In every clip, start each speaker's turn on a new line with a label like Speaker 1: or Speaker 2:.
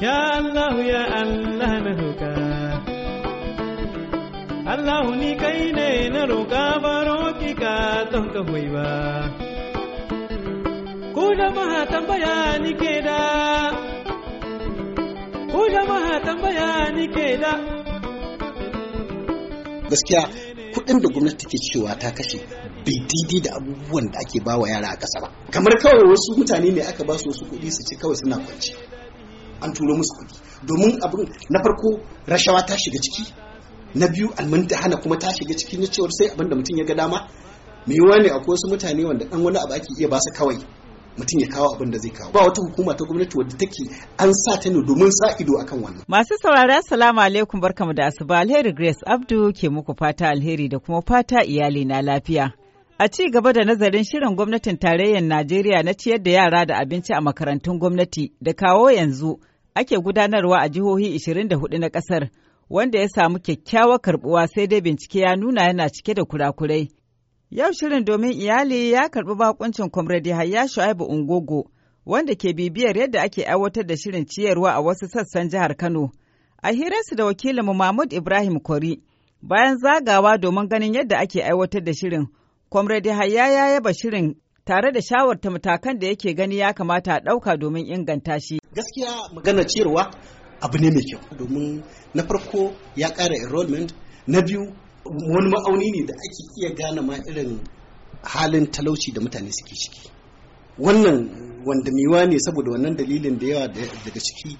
Speaker 1: Ya Allah ya Allah na roƙa Allah ni kai ne na roƙa baro ki ka don ka hoyi ba Ku jama'a tambaya ni ke da Ku jama'a tambaya ni ke da
Speaker 2: Gaskiya kuɗin da gwamnati ke cewa ta kashe bai didi da abubuwan da ake bawa yara a ƙasa ba kamar kawai wasu mutane ne aka ba su wasu kuɗi su ci kawai suna kwanci an turo musu kuɗi domin abin na farko rashawa ta shiga ciki na biyu almanta hana kuma ta shiga ciki na cewar sai abin da mutum ya ga dama mai yiwuwa ne akwai wasu mutane wanda dan wani abu ake iya ba su kawai mutum ya kawo abin da zai kawo ba wata hukuma ta gwamnati wadda take an sa ta ne domin sa ido akan wannan
Speaker 1: masu saurari assalamu alaikum barkamu da asuba alheri grace abdu ke muku fata alheri da kuma fata iyali na lafiya A ci gaba da nazarin shirin gwamnatin tarayyar Najeriya na ciyar da yara da abinci a makarantun gwamnati da kawo yanzu ake gudanarwa a jihohi 24 na ƙasar, wanda ya samu kyakkyawar karbuwa sai dai bincike ya nuna yana cike da kurakurai. Yau shirin domin iyali ya karbi bakuncin Comrade Hayya Shu'aibu Ungogo, wanda ke bibiyar yadda ake aiwatar da shirin ciyarwa a wasu sassan jihar Kano. A hirarsu da wakilinmu Mahmud Ibrahim Kori, bayan zagawa domin ganin yadda ake aiwatar da shirin, Comrade Hayya ya yaba shirin tare da shawarta matakan da yake gani ya kamata a ɗauka domin inganta shi. gaskiya magana ciyarwa
Speaker 2: abu ne mai kyau domin na farko ya ƙara enrollment na biyu wani ma'auni ne da ake iya gane ma irin halin talauci da mutane suke ciki wannan wanda miwa ne saboda wannan dalilin da yawa daga ciki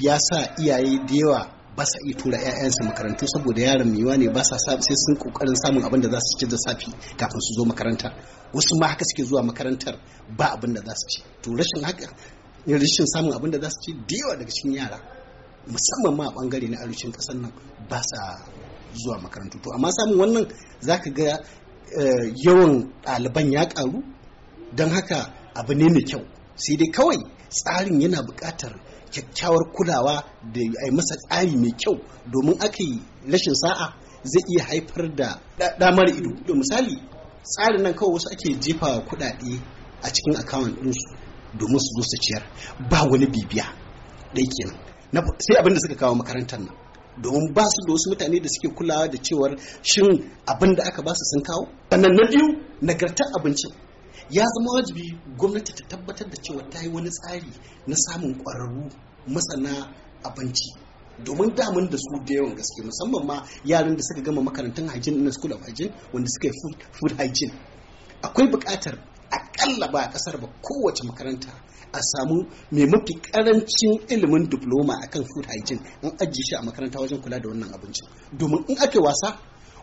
Speaker 2: ya sa iyaye da yawa ba sa iya tura 'ya'yansu makarantu saboda yaran miwa ne ba sa sai sun kokarin samun abin da za su ci da safi kafin su zo makaranta wasu ma haka suke zuwa makarantar ba abin da za su ci to rashin haka yin rashin samun abin da za su ci da yawa daga cikin yara musamman ma a bangare na arewacin kasar nan ba sa zuwa makarantu to amma samun wannan za ka ga eh, yawan ɗaliban ya ƙaru don haka abu ne mai kyau sai dai kawai tsarin yana buƙatar kyakkyawar kulawa da a masa tsari mai kyau domin aka yi rashin sa'a zai iya haifar da damar ido da misali tsarin nan kawai wasu ake jefa kuɗaɗe a cikin akawun ɗinsu domin su zo su ciyar ba wani bibiya ɗai kenan sai abinda suka kawo makarantar nan domin ba su da wasu mutane da suke kulawa da cewar shin abinda aka ba su sun kawo sannan na biyu nagartar abincin ya zama wajibi gwamnati ta tabbatar da cewa ta yi wani tsari na samun ƙwararru masana abinci domin damun da su da yawan gaske musamman ma yaran da suka gama makarantar hygiene na school of hygiene wanda suka yi food hygiene akwai bukatar. akalla ba a kasar ba kowace makaranta a samu mai mafi karancin ilimin diploma akan food hygiene in ajiye shi a makaranta wajen kula da wannan abincin domin in ake wasa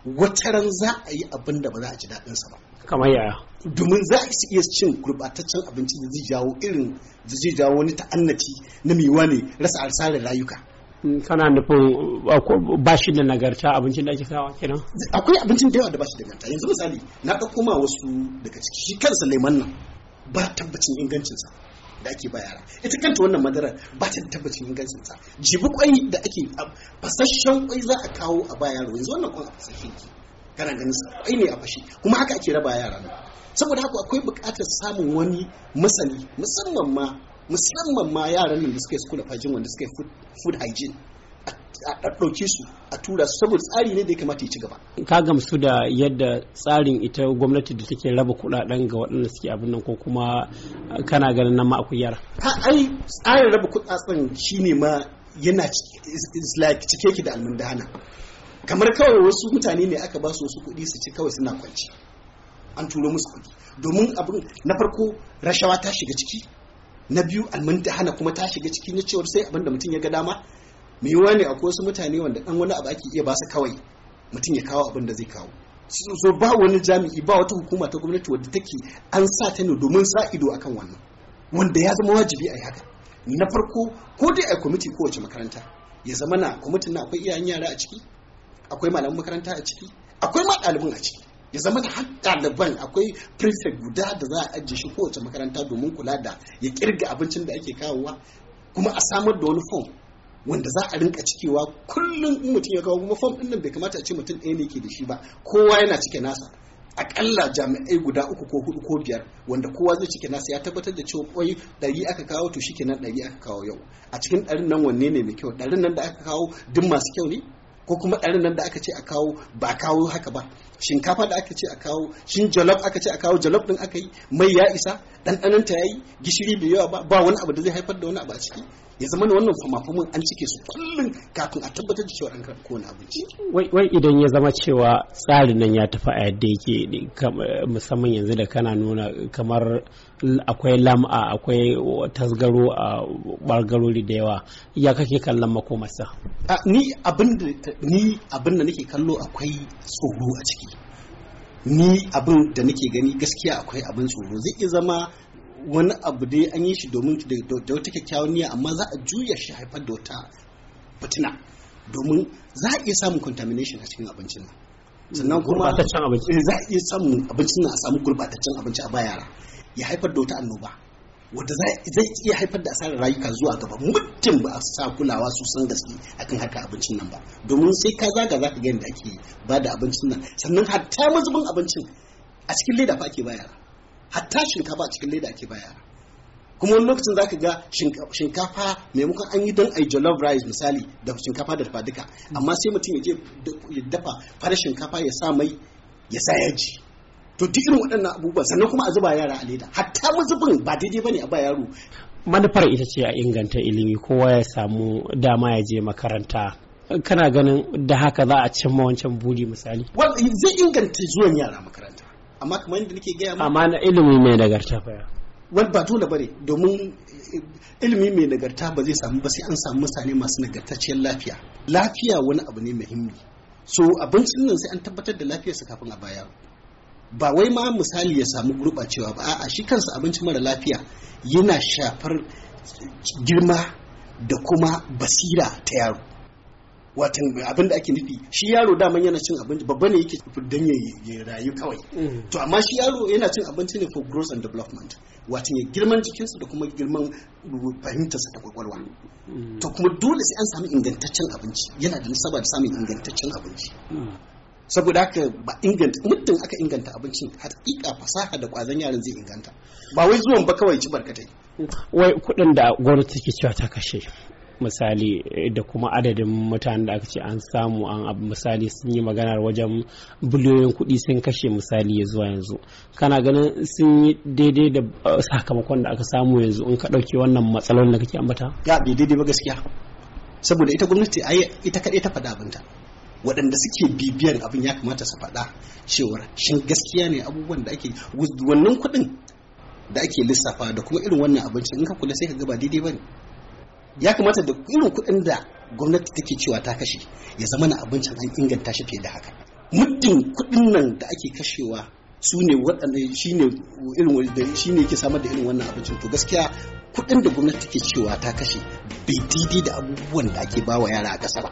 Speaker 2: wataran za a yi abin da ba za a ji daɗinsa ba kamar yaya domin za a iya cin gurbataccen abinci da zai jawo irin da zai jawo wani ta'annaci na miwa ne rasa
Speaker 3: asarar rayuka kana nufin ba shi da nagarta abincin da ake sawa kenan
Speaker 2: akwai abincin da yawa da ba shi da nagarta yanzu misali na ga koma wasu daga ciki shi kansa leman nan ba tabbacin ingancinsa da ake ba yara ita kanta wannan madara ba ta tabbacin ingancinsa jibi kwai da ake fasashen kwai za a kawo a ba yaro yanzu wannan kwan a fasashen ki kana ganin sa kwai ne a fashi kuma haka ake raba yara saboda haka akwai buƙatar samun wani masani musamman ma musamman ma yaran nan da suka yi school of hygiene wanda suka yi food hygiene a ɗaɗɗauki su a tura su saboda tsari ne da ya kamata ya ci gaba.
Speaker 3: Ka gamsu da yadda tsarin ita gwamnati da take raba kuɗaɗen ga waɗanda suke abin nan ko kuma kana ganin nan ma akwai yara.
Speaker 2: Ha ai tsarin raba kuɗaɗen ne ma yana cike ki da almundana. Kamar kawai wasu mutane ne aka ba su wasu kuɗi su ci kawai suna kwanci. An turo musu kuɗi. Domin abin na farko rashawa ta shiga ciki na biyu hana kuma ta shiga cikin ya cewar sai abinda mutum ya ga dama mai yiwuwa ne akwai wasu mutane wanda dan wani abu ake iya ba su kawai mutum ya kawo abin da zai kawo so ba wani jami'i ba wata hukuma ta gwamnati wadda take an sa ta ne domin sa ido akan wannan wanda ya zama wajibi a yi haka na farko ko dai a kwamiti kowace makaranta ya zama na kwamitin na akwai iyayen yara a ciki akwai malaman makaranta a ciki akwai ma ɗalibin a ciki ya zama da daban akwai prefect guda da za a ajiye shi kowace makaranta domin kula da ya kirga abincin da ake kawowa kuma a samar da wani fom wanda za a rinka cikewa kullum in mutum ya kawo kuma fom din nan bai kamata a ce mutum ɗaya ne ke da shi ba kowa yana cike nasa akalla jami'ai guda uku ko hudu ko biyar wanda kowa zai cike nasa ya tabbatar da cewa kwai ɗari aka kawo to shi kenan ɗari aka kawo yau a cikin ɗarin nan wanne ne mai kyau ɗarin nan da aka kawo duk masu kyau ne ko kuma ɗarin nan da aka ce a kawo ba kawo haka ba shinkafa da aka ce a kawo shin aka ce a kawo jollof din aka yi mai ya isa ɗanɗanon ta yi gishiri bai yawa ba ba wani abu da zai haifar da wani abu a ciki ya zama da wannan famafamin an cike su kullum kafin a tabbatar da cewa an karɓi kowane abinci.
Speaker 3: wai idan ya zama cewa tsarin nan ya tafi a yadda yake eh, musamman yanzu da kana nuna kamar akwai lam'a akwai tasgaro a bargarori da yawa ya
Speaker 2: kake kallon makomarsa ni abin da ni nake kallo akwai tsoro a ciki ni abin da nake gani gaskiya akwai abin tsoro zai iya zama wani abu dai an yi shi domin da wata kyakkyawan niyya amma za a juya shi haifar da wata fitina domin za a iya samun contamination a cikin abincin sannan kuma eh, za a iya samun abincin a samu gurbataccen abinci a bayara ya haifar da wata annoba wadda zai iya haifar da asarar rayuka zuwa gaba muddin ba a sa kulawa sosan gaske akan haka abincin nan ba domin sai ka zaga za ka da ake ba da abincin nan sannan hatta mazubin abincin a cikin leda fa ake bayar hatta shinkafa a cikin leda ake bayara kuma wani lokacin za ka ga shinkafa maimakon an yi don a jollof rice misali da shinkafa da dafa duka amma sai mutum ya je ya dafa fara shinkafa ya sa mai ya sa yaji to duk irin waɗannan abubuwan sannan kuma a zuba yara a leda hatta mazubin ba daidai bane a ba yaro
Speaker 3: manufar ita ce a inganta ilimi kowa ya samu dama ya je makaranta kana ganin da haka za a cimma wancan buri misali
Speaker 2: zai inganta zuwan yara makaranta amma kamar yadda nake gaya amma na ilimi mai nagarta fa wani ba dole bare domin eh, ilimi mai nagarta ba zai samu ba sai an samu mutane masu nagartacciyar lafiya lafiya wani abu ne muhimmi so abincin nan sai an tabbatar da lafiyarsa kafin a bayar ba wai ma misali ya samu gurɓacewa ba a shi kansa abinci mara lafiya yana shafar girma da kuma basira ta yaro watan abin da ake nufi shi yaro dama yana cin abinci babba ne yake don ya rayu kawai mm. to amma shi yaro yana cin abinci ne for growth and development watan ya girman jikinsa da kuma girman fahimtarsa ta kwakwalwa mm. to kuma dole sai an samu ingantaccen abinci yana da nasaba da samun ingantaccen abinci mm. saboda haka ba inganta muddin aka inganta abincin hakika fasaha da kwazon yaran zai inganta ba wai zuwan ba kawai ci barkatai
Speaker 3: wai kuɗin da gwamnati take cewa ta kashe misali da kuma adadin mutanen da aka ce an samu an misali sun yi maganar wajen biliyoyin kuɗi sun kashe misali ya zuwa yanzu kana ganin sun yi daidai da uh, sakamakon da aka samu yanzu in ka ɗauki wannan matsalolin da kake ambata
Speaker 2: ya daidai ba gaskiya saboda ita gwamnati ita kaɗai ta faɗa abinta waɗanda suke bibiyar abin ya kamata su faɗa cewar shin gaskiya ne abubuwan da ake wannan kuɗin da ake lissafa da kuma irin wannan abincin in ka kula sai ka ga ba daidai ba ne ya kamata da irin kuɗin da gwamnati take cewa ta kashe ya zama na abincin an inganta shi fiye da haka muddin kuɗin nan da ake kashewa su ne waɗanda shi ne irin shi ne yake samar da irin wannan abincin to gaskiya kuɗin da gwamnati take cewa ta kashe bai daidai da abubuwan da ake bawa yara a ƙasa ba.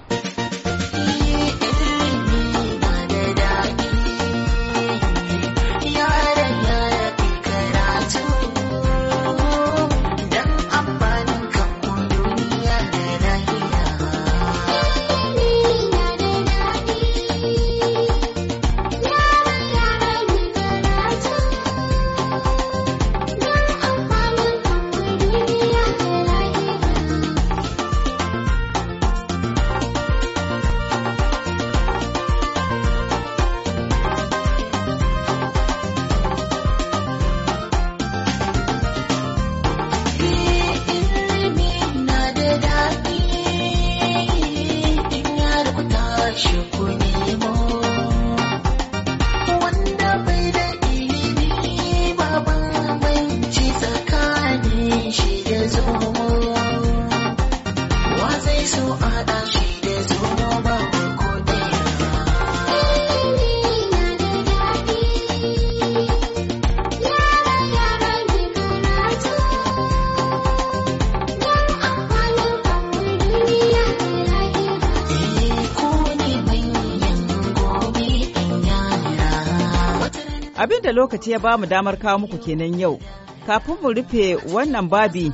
Speaker 1: Abin da lokaci ya bamu damar kawo muku kenan yau. Kafin mu rufe wannan babi,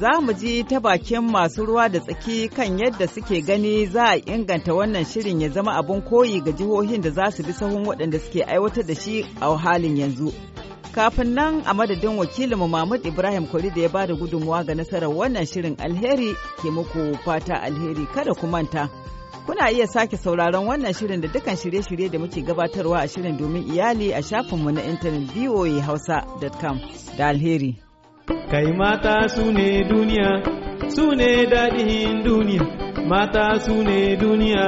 Speaker 1: za mu ji ta bakin masu ruwa da tsaki kan yadda suke gani za a inganta wannan shirin ya zama abin koyi ga jihohin da za su bi sahun waɗanda suke aiwatar da shi a halin yanzu. Kafin nan a madadin wakilinmu Mahmud Ibrahim Kori da ya bada gudunmawa ga nasarar wannan shirin alheri ke muku fata alheri kada ku manta. Kuna iya sake sauraron wannan shirin da dukkan shirye-shirye da muke gabatarwa a shirin domin iyali a shafinmu na intanet hausa.com da alheri. Kai mata su ne duniya, su ne daɗin duniya, mata su ne duniya,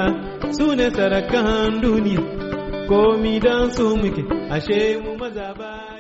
Speaker 1: su ne sarakan duniya, komi don su muke, ashe
Speaker 4: mu maza baya.